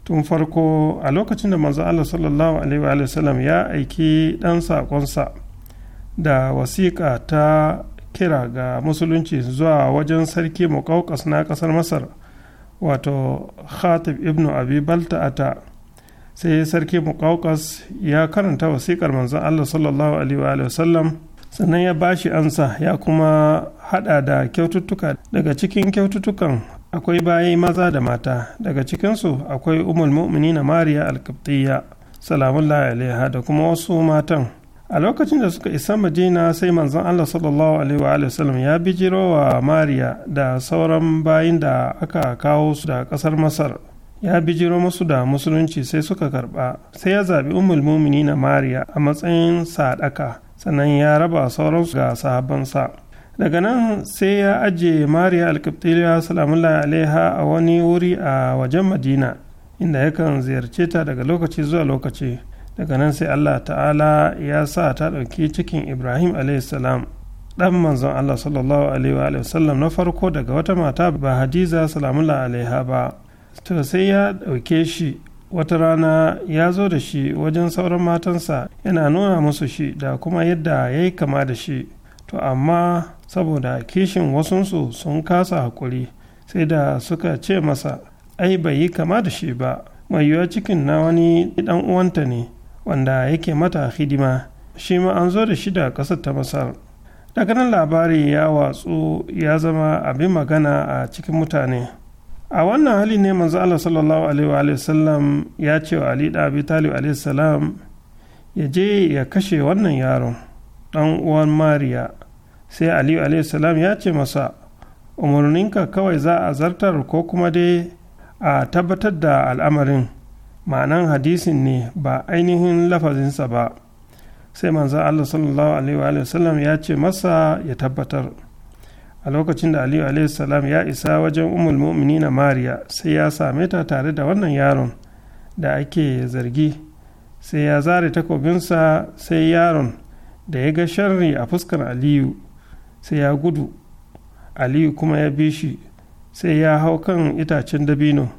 tun farko a lokacin da manzo Allah sallallahu alaihi wa sallam ya aiki ɗan saƙonsa da wasiƙa ta kira ga musulunci zuwa wajen sarki muƙauƙas na ƙasar masar wato khatib ibnu abi balta'ata sai sarki muƙauƙas ya karanta wasiƙar manzon Allah sallallahu alaihi wa sallam sannan ya bashi ansa ya kuma haɗa da kyaututtuka daga cikin kyaututtukan akwai bayi maza da mata daga cikinsu akwai umul na mariya alkabtiya salamullahi alaiha da kuma wasu matan a lokacin da suka isa madina sai manzon allah sallallahu alaihi ya bijiro wa mariya da sauran bayin da aka kawo su da kasar masar ya bijiro masu da musulunci sai suka karba sai ya zaɓi umul na mariya a matsayin sadaka sannan ya raba sauransu ga sahabansa daga nan sai ya ajiye mariya alkaftiliya salamullahi alaiha a wani wuri a wajen madina inda yakan ziyarce ta daga lokaci zuwa lokaci daga nan sai allah ta'ala ya sa ta ɗauki cikin ibrahim salam ɗan manzon allah sallallahu alaihi wa sallam na farko daga wata mata ba hadiza salamullahi alaiha ba to sai ya ɗauke shi wata rana ya zo da shi wajen sauran matansa yana nuna musu shi da kuma yadda ya yi kama da shi to amma saboda kishin wasunsu sun kasa haƙuri sai da suka ce masa ai bai yi kama da shi ba mai yiwuwa cikin na wani ɗan uwanta ne wanda yake mata hidima shi ma an zo da shi da ƙasar ta masar daga nan labari ya watsu ya zama abin magana a cikin mutane a wannan hali ne manzo Allah sallallahu alaihi wa ya ce wa Ali da Abi Talib alaihi salam ya je ya kashe wannan yaron dan uwan Mariya sai aliyu salam ya ce masa umarninka kawai za a zartar ko kuma dai a tabbatar da al'amarin ma'anan hadisin ne ba ainihin lafazinsa ba sai manza allah sallallahu alaihi ya ce masa ya tabbatar a lokacin da aliyu salam ya isa wajen umul mu'minina mariya sai ya same ta tare da wannan yaron da ake zargi sai ya zare takobinsa sai yaron da ya ga sharri a fuskar aliyu sai ya gudu aliyu kuma ya bi shi sai ya hau kan itacen dabino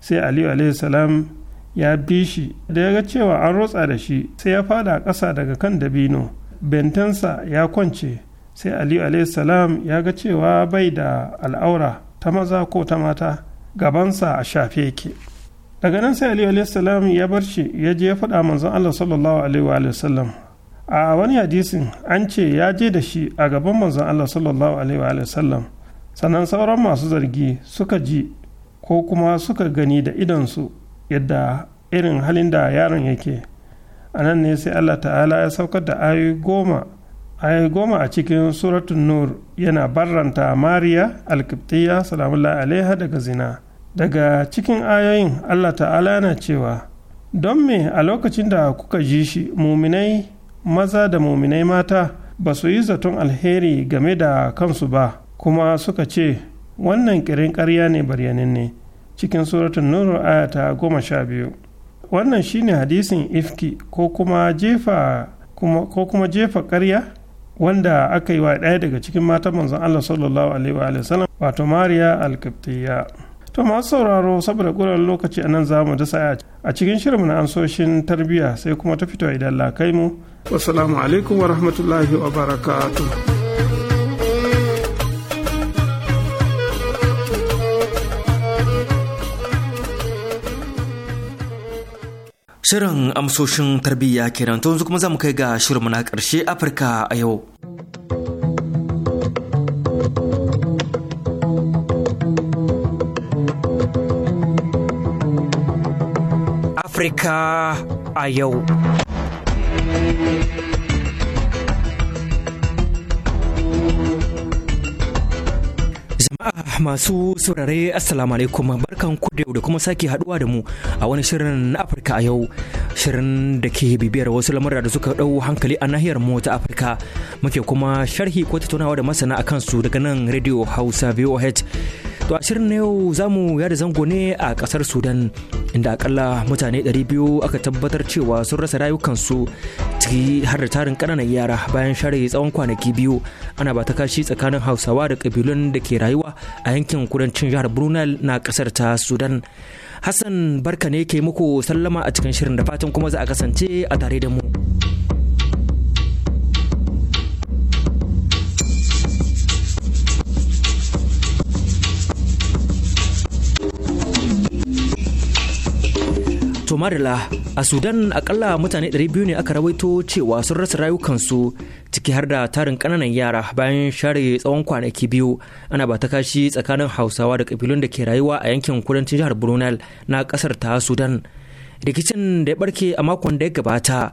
sai aliyu salam ya bi shi da ya ga cewa an rotsa da shi sai ya fada ƙasa daga kan dabino bentansa ya kwance sai aliyu salam ya ga cewa bai da al'aura ta maza ko ta mata gabansa a shafe yake daga nan sai aliyu salam ya bar shi ya je ya faɗa manzon allah sallallahu alaihi wa sallam a wani hadisin an ce ya je da shi a gaban manzon Allah sallallahu alaihi wa sannan sauran masu zargi suka ji ko kuma suka gani da idansu yadda irin halin da yaron yake a nan ne sai Allah ta'ala ya saukar da ayoyi goma ayoyi goma a cikin suratun nur yana barranta mariya alkiptiya salamullahi alaiha daga zina daga cikin ayoyin Allah ta'ala yana cewa don me a lokacin da kuka ji shi muminai maza da muminai mata ba su yi zaton alheri game da kansu ba kuma suka ce wannan kirin karya ne baryanin ne cikin suratun nuru ayata goma sha biyu wannan shine hadisin ifki ko kuma jefa ko ƙarya wanda aka yi wa ɗaya daga cikin matan manzon Allah sallallahu alaihi wa sallam wato Mariya alkiftiya To masu sauraro saboda guran lokaci a nan zamu da saya a cikin shirin na ansoshin tarbiyya sai kuma ta fito idan la kai mu. wasalamu alaikum wa rahmatullahi wa barakatu. Shirin amsoshin tarbiyya kenan to yanzu kuma za mu kai ga shirin na karshe Afirka a yau. Afirka a yau. Jama'a masu saurare Assalamu alaikum barkan ku da kuma sake haduwa da mu a wani shirin na Afirka a yau shirin da ke bibiyar wasu lamura da suka dau hankali a nahiyar mu ta Afirka muke kuma sharhi ko tattaunawa da masana akan su daga nan Radio Hausa VOH To a shirin na yau za mu yada zango ne a kasar Sudan inda akalla mutane 200 aka tabbatar cewa sun rasa rayukansu ciki har da tarin kananan yara bayan share tsawon kwanaki biyu ana ba ta kashi tsakanin Hausawa da kabilun da ke rayuwa a yankin kudancin jihar Brunel na kasar ta Sudan. Hassan barka ne ke muku sallama a cikin shirin da fatan kuma za a kasance a tare da mu. To a Sudan akalla mutane 200 ne aka rawaito cewa sun rasa rayukansu ciki har da tarin kananan yara bayan share tsawon kwanaki biyu ana ba ta kashi tsakanin Hausawa da kabilun da ke rayuwa a yankin kudancin jihar Brunel na kasar ta Sudan. Rikicin da ya barke a makon da ya gabata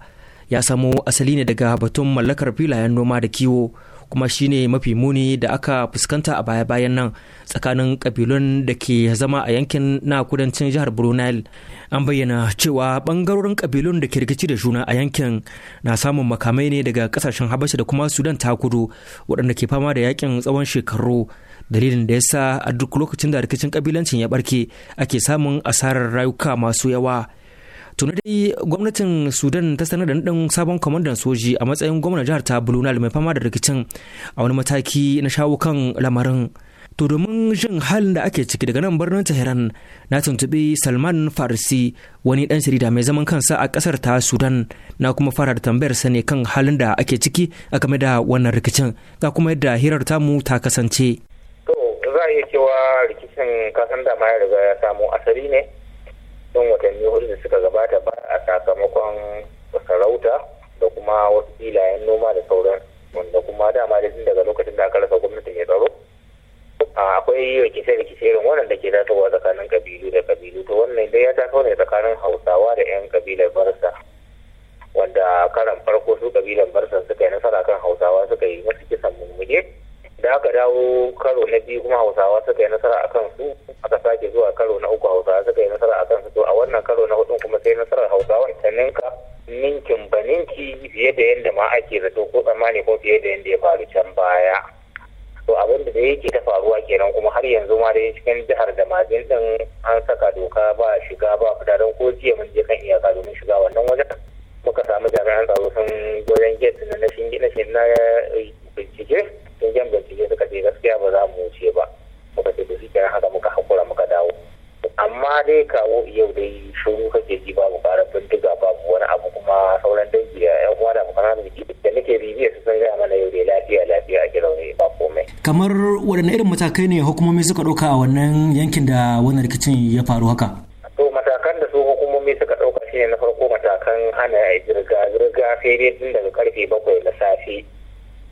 ya samo asali ne daga batun mallakar filayen noma da kiwo kuma shine mafi muni da aka fuskanta a baya-bayan nan tsakanin kabilun da ke zama a yankin na kudancin jihar brunel an bayyana cewa ɓangarorin kabilun da ke rikici da juna a yankin na samun makamai ne daga kasashen habasha da kuma sudan ta kudu waɗanda ke fama da yakin tsawon shekaru dalilin da ya sa a duk lokacin da rikicin kabilancin ya barke ake samun asarar rayuka masu yawa tuni dai gwamnatin sudan ta sanar da naɗin sabon kwamandan soji a matsayin gwamnan jihar ta bulunal mai fama da rikicin a wani mataki na shawo kan lamarin To domin jin halin da ake ciki daga nan birnin Tehran na tuntubi Salman Farisi wani ɗan jarida mai zaman kansa a ƙasar ta Sudan na kuma fara da tambayar sa ne kan halin da ake ciki a game da wannan rikicin ga kuma yadda hirar tamu ta kasance. To za a iya cewa rikicin kasan da ma ya riga ya samu asali ne don watanni hudu da suka gabata ba a sakamakon sarauta da kuma wasu filayen noma da sauran wanda kuma dama da daga lokacin da aka rasa gwamnatin ya tsaro. akwai rikice-rikice irin waɗanda ke tasowa tsakanin kabilu da kabilu to wannan dai ya taso ne tsakanin hausawa da 'yan kabilar barsa wanda karan farko su kabilan barsa suka yi nasara kan hausawa suka yi masu kisan mummuje da aka dawo karo na biyu kuma hausawa suka yi nasara a kan su aka sake zuwa karo na uku hausawa suka yi nasara a kan su to a wannan karo na hudun kuma sai nasarar hausawa ta ninka ninkin baninki fiye da yadda ma ake zato ko tsammani ko fiye da yadda ya faru can baya to abin da yake ta faruwa kenan kuma har yanzu ma dai cikin jihar da mazin din an saka doka ba shiga ba fita don ko jiya mun je kan iyaka domin shiga wannan wajen muka samu jami'an tsaro sun goyon gate na nashin gina shi na bincike sun bincike suka ce gaskiya ba za mu wuce ba muka ce da shi kenan haka muka hakura muka dawo amma dai kawo yau dai shuru kake ji babu ƙarar bindiga babu wani abu kuma sauran dangi a yan uwa da abokan arziki da nake bibiyar su sun gaya mana yau dai lafiya lafiya a gidan ne ba komai. kamar waɗanne irin matakai ne hukumomi suka ɗauka a wannan yankin da wannan rikicin ya faru haka. to matakan da su hukumomi suka ɗauka shine na farko matakan hana zirga-zirga sai dai tun daga karfe bakwai na safe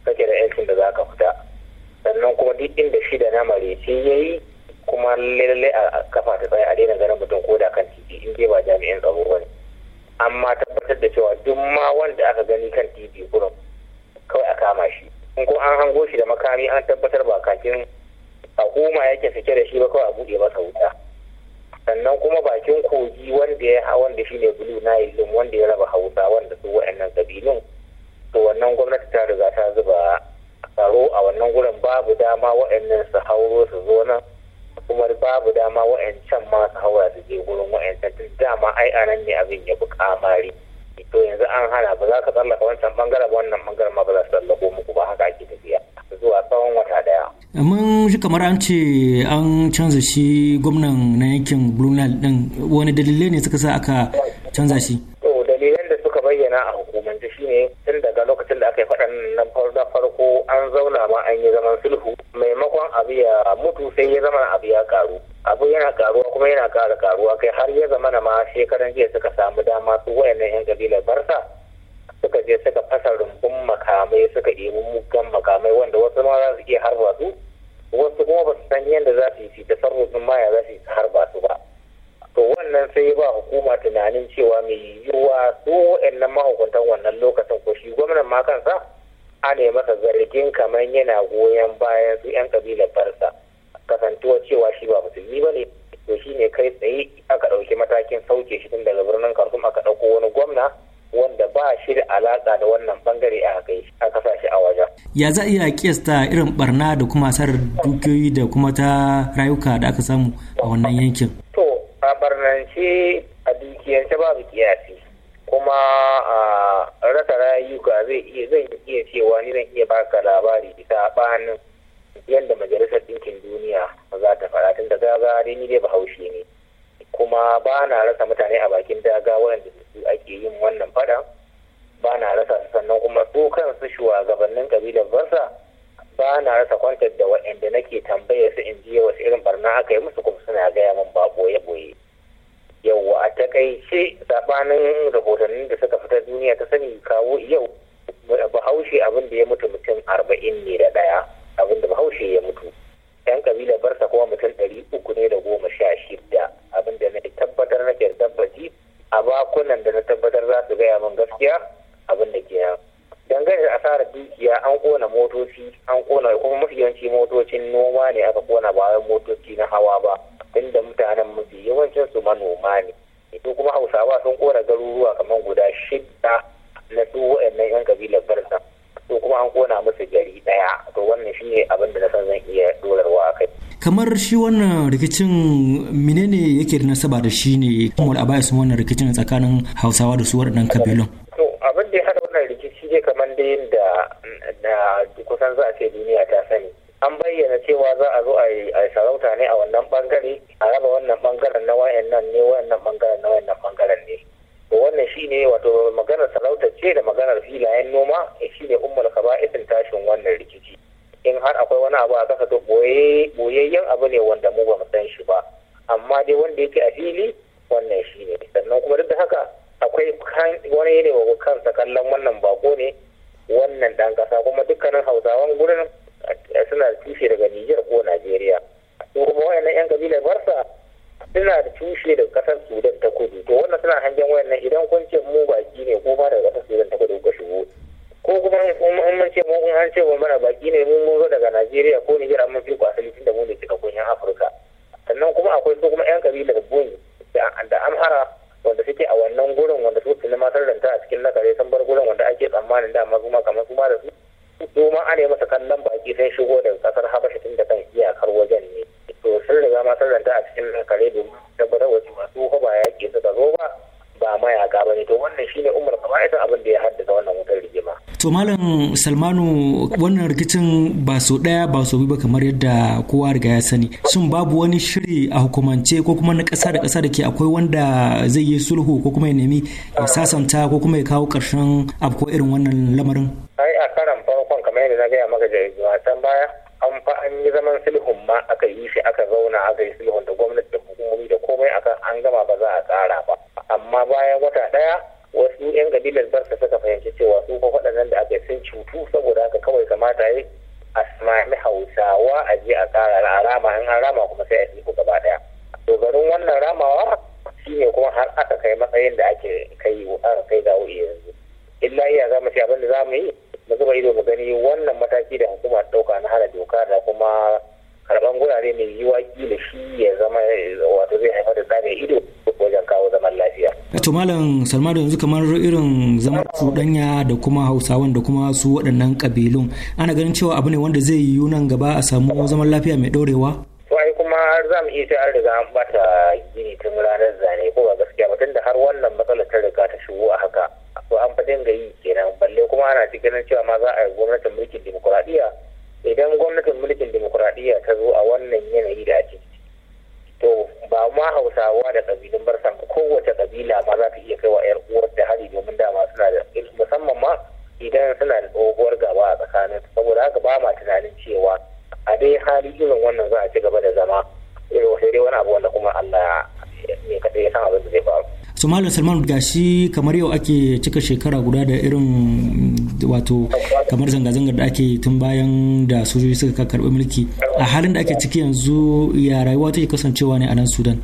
kake da yancin da za ka fita sannan kuma duk inda shida na mareci ya yi kuma lallai a kafa ta tsaye a daina ganin mutum ko da kan titi in dai ba jami'in tsaro ba ne amma tabbatar da cewa duk ma wanda aka gani kan titi gurin kawai a kama shi in ko an hango shi da makami an tabbatar ba kakin a homa yake sake da shi ba kawai a buɗe masa wuta sannan kuma bakin kogi wanda ya hawan da shi ne bulu na ilim wanda ya raba hausa wanda su wa'annan kabilun to wannan gwamnati ta riga ta zuba tsaro a wannan gurin babu dama wa'annan su hauro su zo nan kuma babu dama wa'ancan ma su haura su je gurin wa'ancan duk dama ai a nan ne abin ya fi kamari to yanzu an hana ba za ka tsallaka wancan bangaren wannan bangaren ma ba za su tsallako muku ba haka ake tafiya zuwa tsawon wata daya. mun ji kamar an ce an canza shi gwamnan na yankin brunel ɗin wani dalilai ne suka sa aka canza shi. to dalilan da suka bayyana a hukumance shine tun daga lokacin da aka yi faɗan nan farko an zauna ma an yi zaman sulhu maimakon abu ya mutu sai ya zama abu ya karu abu yana karuwa kuma yana kara karuwa kai har ya zama na ma shekaran jiya suka samu dama su wayannan yan kabilar barsa suka je suka fasa rumbun makamai suka ɗebi mugan makamai wanda wasu ma za su iya harba su wasu kuma ba su san yadda za su yi tasarrufin ma ya za su yi harba su ba to wannan sai ba hukuma tunanin cewa mai yiwuwa su wa'annan mahukuntan wannan lokacin ko shi gwamnan ma kansa a ne masa zargin kamar yana goyon bayan su 'yan kabilar farsa kasantuwa cewa shi ba musulmi ba ne to shi ne kai tsaye aka ɗauki matakin sauke shi tun daga birnin khartoum aka ɗauko wani gwamna wanda ba shi da alaƙa da wannan bangare a kai a kasa shi a wajen. Ya za a iya kiyasta irin barna da kuma asarar dukiyoyi da kuma ta rayuka da aka samu a wannan yankin? To a barnance a dukiyance babu kiyasi kuma a rasa rayuka zai iya zan iya cewa ni zan iya baka labari ta banin yadda majalisar ɗinkin duniya za ta faɗa tun da gaga dai ni dai bahaushe ne kuma ba na rasa mutane a bakin daga wanda su ake yin wannan faɗa ba na rasa sannan kuma su kansu shugabannin kabilar barsa ba na rasa kwantar da waɗanda nake tambayar su in ji wasu irin barna aka yi musu kuma suna gaya min babu takaice sabanin rahotannin da suka fita duniya ta sani kawo yau bahaushe abin da ya mutu mutum arba'in ne da daya abin da bahaushe ya mutu yan kabila barsa kuma mutum ɗari uku ne da goma sha shida abin da na tabbatar na ke tabbaci a bakunan da na tabbatar za su gaya min gaskiya abin da ke nan dangane da asarar dukiya an kona motoci an kona kuma mafi yawanci motocin noma ne aka kona bayan motoci na hawa ba Tunda mutanen mafi yawancin su manoma ne su kuma hausawa sun kora garuruwa kamar guda shida na su waɗannan yan kabilar barsa su kuma an kona musu gari daya to wannan shine abin da na san zan iya dorarwa a kai kamar shi wannan rikicin menene yake da nasaba da shi ne kuma a sun wannan rikicin tsakanin hausawa da su waɗannan kabilun to abin da ya haɗa wannan rikici ne kamar da da mm, kusan za a ce duniya ta sani an bayyana cewa za a zo a yi sarauta ne a wannan bangare a raba wannan bangaren na wayannan ne wayannan bangaren na wayannan bangaren ne to wannan shine wato maganar sarauta ce da maganar filayen noma eh, shine ummul isin tashin wannan rikici in har akwai wani abu a kasa to boyayyen abu ne wanda mu ba mu san shi ba amma dai wanda yake a fili wannan shine sannan kuma duk da haka akwai wani yanayi wa kansa kallon wannan bako ne wannan dan kasa kuma dukkanin hausawan gurin suna da tushe daga Nijar ko Najeriya su kuma wayannan yan kabilar Barsa suna da tushe daga kasar Sudan ta kudu to wannan suna hangen wayannan idan kun ce mu baki ne ko ba daga kasar Sudan ta kudu kuka shigo ko kuma in mun ce mun an ce mun mana baki ne mun zo daga Najeriya ko Nijar amma fi asali tunda mu ne cika yan Afirka sannan kuma akwai su kuma yan kabilar Bun da Amhara wanda suke a wannan gurin wanda su tuni matar ta a cikin nakare san bar gurin wanda ake tsammanin da amma kuma kamar su ma da su kuma ana masa kallon baki sai shigo da kasar habasha tun da kan iyakar wajen ne to sun riga ma sun ranta a cikin kare domin tabbatar wasu masu su ba yaƙi suka zo ba ba mayaka ba ne to wannan shine umar kabaitan abin da ya haddasa wannan wutar rigima to malam salmanu wannan rikicin ba so daya ba so ba kamar yadda kowa riga ya sani sun babu wani shiri a hukumance ko kuma na ƙasa da ƙasa da ke akwai wanda zai yi sulhu ko kuma ya nemi ya sasanta ko kuma ya kawo ƙarshen abu ko irin wannan lamarin na gaya maka da baya an fa an yi zaman sulhun ma aka yi shi aka zauna aka yi sulhun da gwamnati da hukumomi da komai akan an gama ba za a tsara ba amma bayan wata daya wasu yan kabilar barsa suka fahimci cewa su fa waɗannan da aka sun cutu saboda haka kawai kamata yi a sami hausawa a je a tsara a rama an rama kuma sai a iko gaba daya dogarin wannan ramawa shine kuma har aka kai matsayin da ake kai aka kai ga yanzu illa iya za mu ce abin da za mu yi da zuba ido mu gani wannan mataki da hukuma ta dauka na hana doka da kuma karban gurare mai yiwa da shi ya zama eh, wato zai haifar da tsare ido wajen kawo zaman lafiya. Eh, to malam salmado yanzu kamar irin zaman cuɗanya da kuma hausawan da kuma su waɗannan ƙabilun ana ganin cewa abu ne wanda zai yiwu nan gaba a samu zaman lafiya mai ɗorewa. ai kuma za mu iya ce an riga an bata gini tun ranar zane ko ba gaskiya ba tunda har wannan matsalar ta riga ta shigo a haka to an fa dinga yi kuma ana cikin ganin cewa ma za a yi gwamnatin mulkin demokuraɗiyya idan gwamnatin mulkin demokuraɗiyya ta zo a wannan yanayi da ake to ba ma hausawa da ƙabilun barsan kowace ƙabila ma za ta iya kai wa 'yar uwar da hari domin dama suna da musamman ma idan suna da tsohuwar gaba a tsakanin saboda haka ba ma tunanin cewa a dai hali irin wannan za a ci gaba da zama irin wasu dai wani abu wanda kuma Allah ya kaɗai ya san abin da zai to malam salman gashi kamar yau ake cika shekara guda da irin wato kamar zanga-zangar da ake tun bayan da sojoji suka karɓi mulki a halin da ake ciki yanzu ya rayuwa take kasancewa ne a nan sudan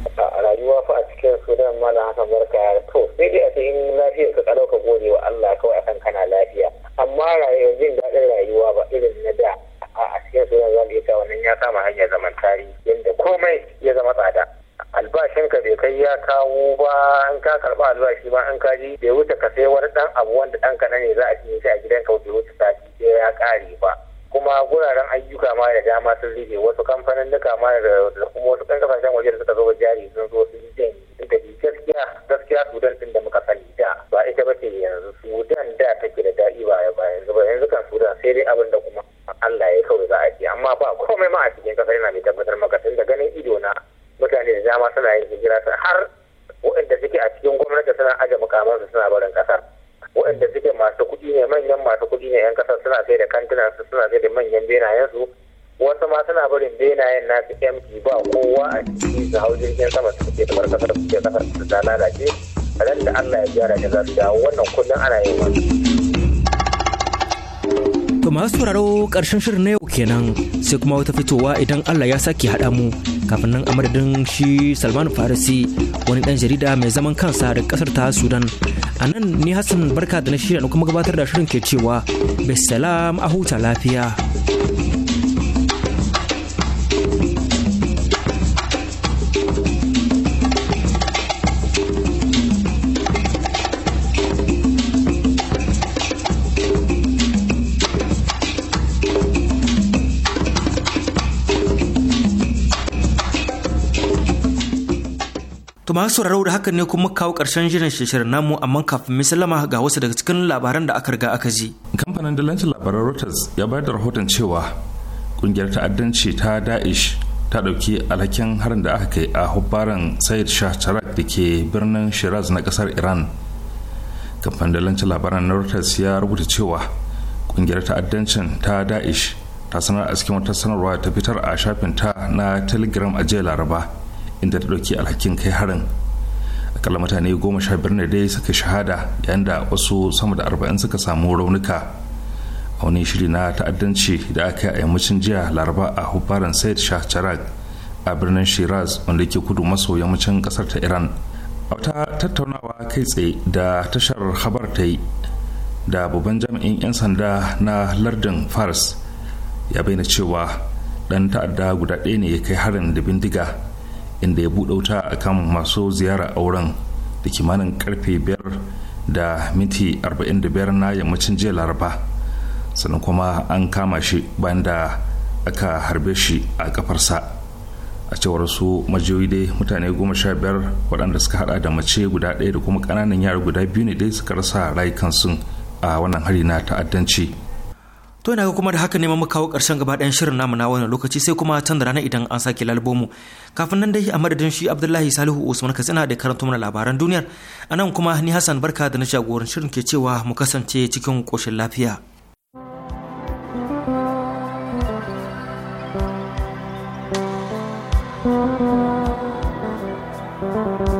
ma sun rige wasu kamfanin duka ma da da za su wannan kullum ana yin To masu sauraro ƙarshen shirin na yau kenan sai kuma wata fitowa idan Allah ya sake haɗa mu kafin nan a madadin shi Salman Farisi wani ɗan jarida mai zaman kansa da ƙasar ta Sudan. A nan ni Hassan barka da na shirya kuma gabatar da shirin ke cewa Bisalam a huta lafiya. To masu sauraro da hakan ne kuma kawo ƙarshen jiran shirin namu amma kafin mai sallama ga wasu daga cikin labaran da aka riga aka ji. Kamfanin dalancin labaran Reuters ya bayar da rahoton cewa kungiyar ta'addanci ta Daesh ta ɗauki alhakin harin da aka kai a hubbaran Said Shah Charak da ke birnin Shiraz na kasar Iran. Kamfanin dalancin labaran Reuters ya rubuta cewa kungiyar ta'addancin ta Daesh ta sanar a cikin wata sanarwa ta fitar a shafin ta na Telegram a jiya Laraba. inda ta ɗauki alhakin kai harin akalla mutane goma sha biyar ne dai suka shahada yayin da wasu sama da arba'in suka samu raunuka a wani shiri na ta'addanci da aka yi a yammacin jiya laraba a hubbaran said shah charag a birnin shiraz wanda ke kudu maso yammacin kasar ta iran a wata tattaunawa kai tsaye da tashar habar ta yi da babban jami'in 'yan sanda na lardin fars ya bayyana cewa dan ta'adda guda ɗaya ne ya kai harin da bindiga inda ya buɗe wuta a kan masu ziyara auren da kimanin karfe 5 da minti 45 na yammacin jiya laraba sannan kuma an kama shi bayan da aka harbe shi a kafarsa a cewar su majiyoyi dai mutane goma sha biyar waɗanda suka hada da mace guda ɗaya da kuma ƙananan yara guda biyu ne dai suka rasa rayukan rayukansu a wannan hari na ta'addanci To ina ga kuma da haka ne mu kawo ƙarshen gaba ɗayan shirin namu na wannan lokaci sai kuma can da ranar idan an sake lalbomu. Kafin nan dai a madadin shi Abdullahi Salihu Usman Katsina da karanto mana labaran duniyar. A nan kuma ni Hassan Barka da na jagoran shirin ke cewa mu kasance cikin ƙoshin lafiya. thank you